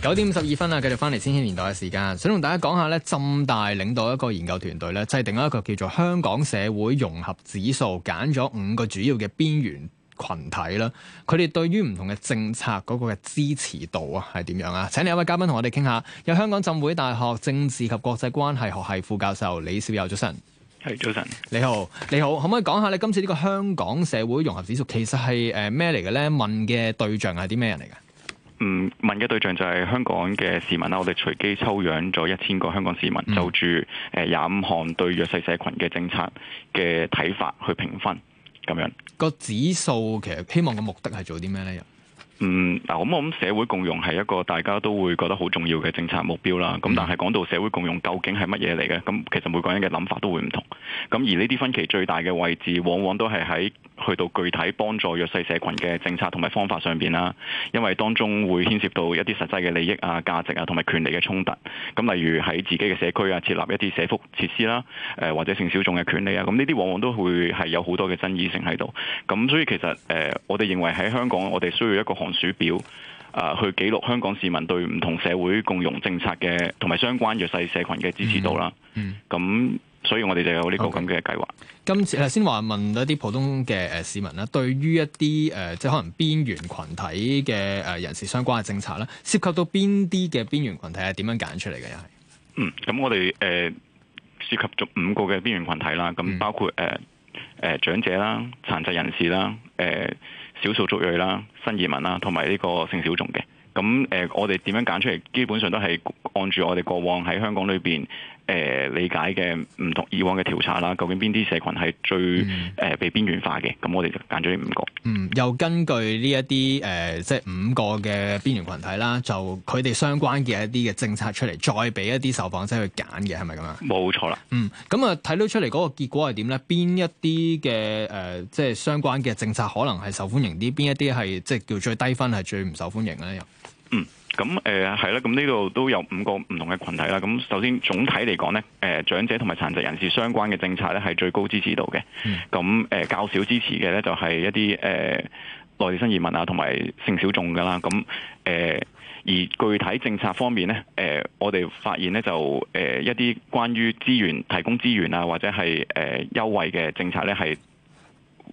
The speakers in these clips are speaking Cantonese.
九點五十二分啦，繼續翻嚟《千禧年代》嘅時間，想同大家講下咧，浸大領導一個研究團隊咧，制定一個叫做《香港社會融合指數》，揀咗五個主要嘅邊緣群體啦，佢哋對於唔同嘅政策嗰個嘅支持度啊，係點樣啊？請你有位嘉賓同我哋傾下，有香港浸會大學政治及國際關係學系副教授李肇祐，早晨，係早晨上，你好，你好，可唔可以講下你今次呢個香港社會融合指數其實係誒咩嚟嘅咧？問嘅對象係啲咩人嚟嘅？嗯，問嘅對象就係香港嘅市民啦。我哋隨機抽樣咗一千個香港市民，就住誒廿五項對弱勢社群嘅政策嘅睇法去評分，咁樣個指數其實希望嘅目的係做啲咩呢？嗯，嗱，咁我諗社會共融係一個大家都會覺得好重要嘅政策目標啦。咁、嗯、但係講到社會共融究竟係乜嘢嚟嘅？咁其實每個人嘅諗法都會唔同。咁而呢啲分歧最大嘅位置，往往都係喺去到具體幫助弱勢社群嘅政策同埋方法上邊啦，因為當中會牽涉到一啲實際嘅利益啊、價值啊同埋權利嘅衝突。咁例如喺自己嘅社區啊設立一啲社福設施啦，誒或者性小衆嘅權利啊，咁呢啲往往都會係有好多嘅爭議性喺度。咁所以其實誒我哋認為喺香港，我哋需要一個寒暑表啊，去記錄香港市民對唔同社會共融政策嘅同埋相關弱勢社群嘅支持度啦。嗯。嗯，咁。所以我哋就有呢個咁嘅計劃。今次誒，先話問一啲普通嘅誒市民啦，對於一啲誒、呃，即係可能邊緣群體嘅誒人士相關嘅政策啦，涉及到邊啲嘅邊緣群體係點樣揀出嚟嘅？又係嗯，咁我哋誒、呃、涉及咗五個嘅邊緣群體啦，咁包括誒誒、呃、長者啦、殘疾人士啦、誒少數族裔啦、新移民啦，同埋呢個性小眾嘅。咁、嗯、誒、呃，我哋點樣揀出嚟？基本上都係按住我哋過往喺香港裏邊。誒、呃、理解嘅唔同以往嘅調查啦，究竟邊啲社群係最誒、嗯呃、被邊緣化嘅？咁我哋就揀咗呢五個。嗯，又根據呢一啲誒，即係五個嘅邊緣群體啦，就佢哋相關嘅一啲嘅政策出嚟，再俾一啲受訪者去揀嘅，係咪咁樣？冇錯啦。嗯，咁啊，睇到出嚟嗰個結果係點咧？邊一啲嘅誒，即係相關嘅政策可能係受歡迎啲，邊一啲係即係叫最低分係最唔受歡迎咧？又嗯。咁誒，係啦，咁呢度都有五個唔同嘅群體啦。咁首先總體嚟講咧，誒、呃，長者同埋殘疾人士相關嘅政策咧係最高支持度嘅。咁誒、嗯呃，較少支持嘅咧就係一啲誒內地新移民啊，同埋性小眾噶啦。咁誒、呃，而具體政策方面咧，誒、呃，我哋發現咧就誒、呃，一啲關於資源提供資源啊，或者係誒優惠嘅政策咧係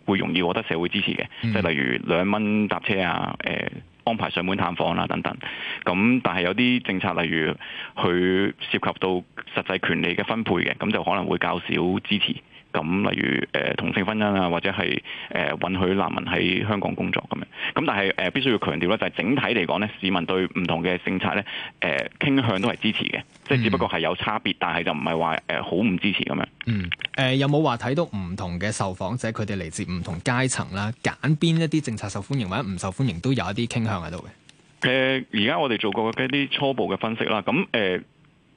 會容易獲得社會支持嘅，即係、嗯、例如兩蚊搭車啊，誒、呃。安排上門探訪啦等等，咁但係有啲政策，例如佢涉及到實際權利嘅分配嘅，咁就可能會較少支持。咁例如誒、呃、同性婚姻啊，或者係誒、呃、允許難民喺香港工作咁樣。咁但係誒、呃、必須要強調咧，就係、是、整體嚟講咧，市民對唔同嘅政策咧，誒、呃、傾向都係支持嘅，即係、嗯、只不過係有差別，但係就唔係話誒好唔支持咁樣。嗯，誒、呃、有冇話睇到唔同嘅受訪者，佢哋嚟自唔同階層啦，揀邊一啲政策受歡迎或者唔受歡迎，都有一啲傾向喺度嘅。誒，而家我哋做過一啲初步嘅分析啦，咁、嗯、誒。呃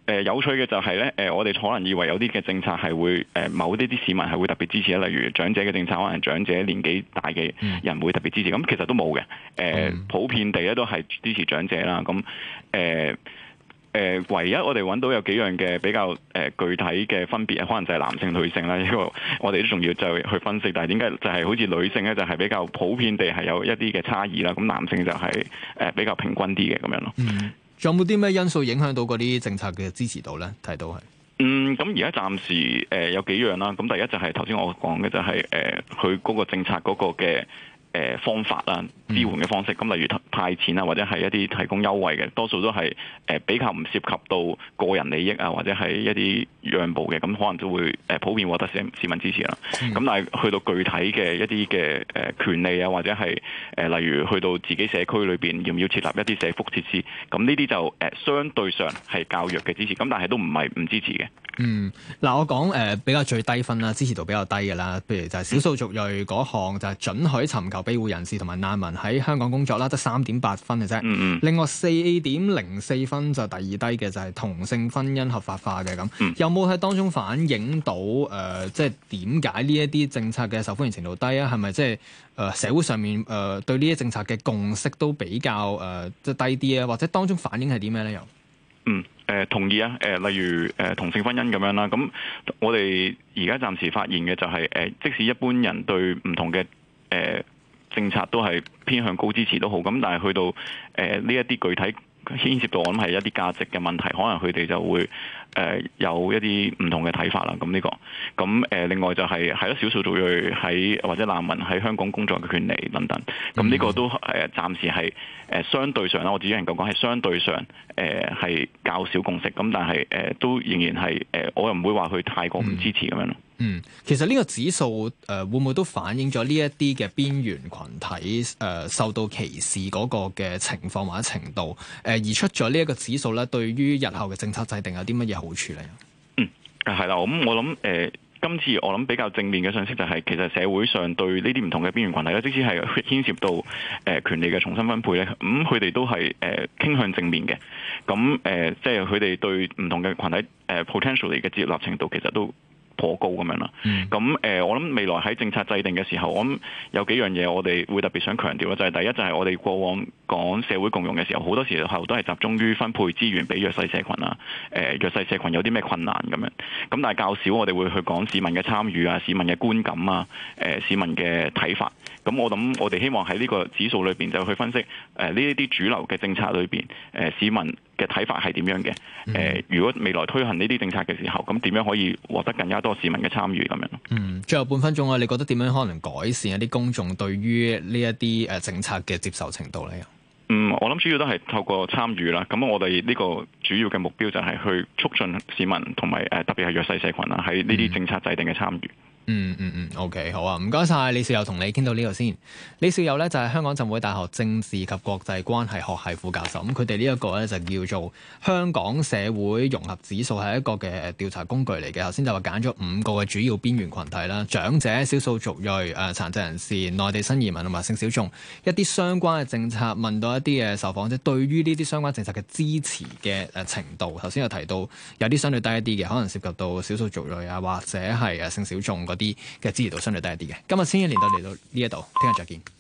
誒、呃、有趣嘅就係、是、咧，誒、呃、我哋可能以為有啲嘅政策係會誒、呃、某啲啲市民係會特別支持咧，例如長者嘅政策，可能長者年紀大嘅人會特別支持，咁其實都冇嘅。誒、呃嗯、普遍地咧都係支持長者啦。咁誒誒唯一我哋揾到有幾樣嘅比較誒具體嘅分別，可能就係男性女性啦。呢個我哋都仲要就去分析。但係點解就係好似女性咧就係比較普遍地係有一啲嘅差異啦。咁男性就係誒比較平均啲嘅咁樣咯。嗯仲有冇啲咩因素影響到嗰啲政策嘅支持度咧？提到係，嗯，咁而家暫時，誒、呃、有幾樣啦。咁第一就係頭先我講嘅，就係誒佢嗰個政策嗰個嘅。誒、嗯、方法啦，支援嘅方式，咁例如派錢啊，或者係一啲提供優惠嘅，多數都係誒、呃、比較唔涉及到個人利益啊，或者係一啲讓步嘅，咁可能都會誒、呃、普遍獲得市民支持啦。咁、嗯、但係去到具體嘅一啲嘅誒權利啊，或者係誒、呃、例如去到自己社區裏邊要唔要設立一啲社福設施？咁呢啲就誒、呃、相對上係教育嘅支持，咁但係都唔係唔支持嘅。嗯，嗱我講誒、呃、比較最低分啦，支持度比較低嘅啦，譬如就係少數族裔嗰項就係准許尋求庇護人士同埋難民喺香港工作啦，得三點八分嘅啫。嗯嗯。嗯，另外四點零四分就第二低嘅就係同性婚姻合法化嘅咁。有冇喺當中反映到誒，即係點解呢一啲政策嘅受歡迎程度低啊？係咪即係誒社會上面誒、呃、對呢啲政策嘅共識都比較誒即係低啲啊？或者當中反映係點咩咧？又嗯誒、呃、同意啊誒、呃，例如誒、呃、同性婚姻咁樣啦。咁我哋而家暫時發現嘅就係、是、誒、呃，即使一般人對唔同嘅誒。呃政策都係偏向高支持都好，咁但係去到誒呢一啲具體牽涉到，我諗係一啲價值嘅問題，可能佢哋就會誒、呃、有一啲唔同嘅睇法啦。咁呢、呢個，咁誒、呃、另外就係係咯，少數族裔喺或者難民喺香港工作嘅權利等等。咁呢個都誒、呃、暫時係誒、呃、相對上啦，我只能夠講係相對上誒係較少共識。咁但係誒、呃、都仍然係誒、呃，我又唔會話去太過唔支持咁樣咯。嗯嗯，其實呢個指數誒、呃、會唔會都反映咗呢一啲嘅邊緣群體誒、呃、受到歧視嗰個嘅情況或者程度？誒、呃、而出咗呢一個指數咧，對於日後嘅政策制定有啲乜嘢好處咧？嗯，係啦，咁我諗誒、呃，今次我諗比較正面嘅信息就係、是、其實社會上對呢啲唔同嘅邊緣群體咧，即使係牽涉到誒、呃、權利嘅重新分配咧，咁佢哋都係誒、呃、傾向正面嘅。咁誒，即係佢哋對唔同嘅群體誒 potentiality 嘅接納程度其實都頗高咁樣啦，咁誒、嗯呃，我諗未來喺政策制定嘅時候，我諗有幾樣嘢我哋會特別想強調啦，就係、是、第一就係、是、我哋過往講社會共融嘅時候，好多時候都係集中於分配資源俾弱勢社群啦、呃，弱勢社群有啲咩困難咁樣，咁但係較少我哋會去講市民嘅參與啊、市民嘅觀感啊、誒市民嘅睇法，咁我諗我哋希望喺呢個指數裏邊就去分析誒呢一啲主流嘅政策裏邊，誒、呃、市民。嘅睇法係點樣嘅？誒、呃，如果未來推行呢啲政策嘅時候，咁點樣可以獲得更加多市民嘅參與咁樣？嗯，最後半分鐘啊，你覺得點樣可能改善一啲公眾對於呢一啲誒政策嘅接受程度咧？嗯，我諗主要都係透過參與啦。咁我哋呢個主要嘅目標就係去促進市民同埋誒，特別係弱勢社群啊，喺呢啲政策制定嘅參與。嗯嗯嗯嗯，OK，好啊，唔該晒。李肇祐，同你傾到呢度先。李肇祐呢就係、是、香港浸會大學政治及國際關係學系副教授。咁佢哋呢一個呢就叫做香港社會融合指數，係一個嘅調查工具嚟嘅。頭先就話揀咗五個嘅主要邊緣群體啦，長者、少數族裔、誒、呃、殘疾人士、內地新移民同埋性小眾。一啲相關嘅政策，問到一啲嘅受訪者對於呢啲相關政策嘅支持嘅誒程度。頭先有提到有啲相對低一啲嘅，可能涉及到少數族裔啊，或者係誒性小眾。啲嘅支持度相對低一啲嘅，今日星期連到嚟到呢一度，聽日再見。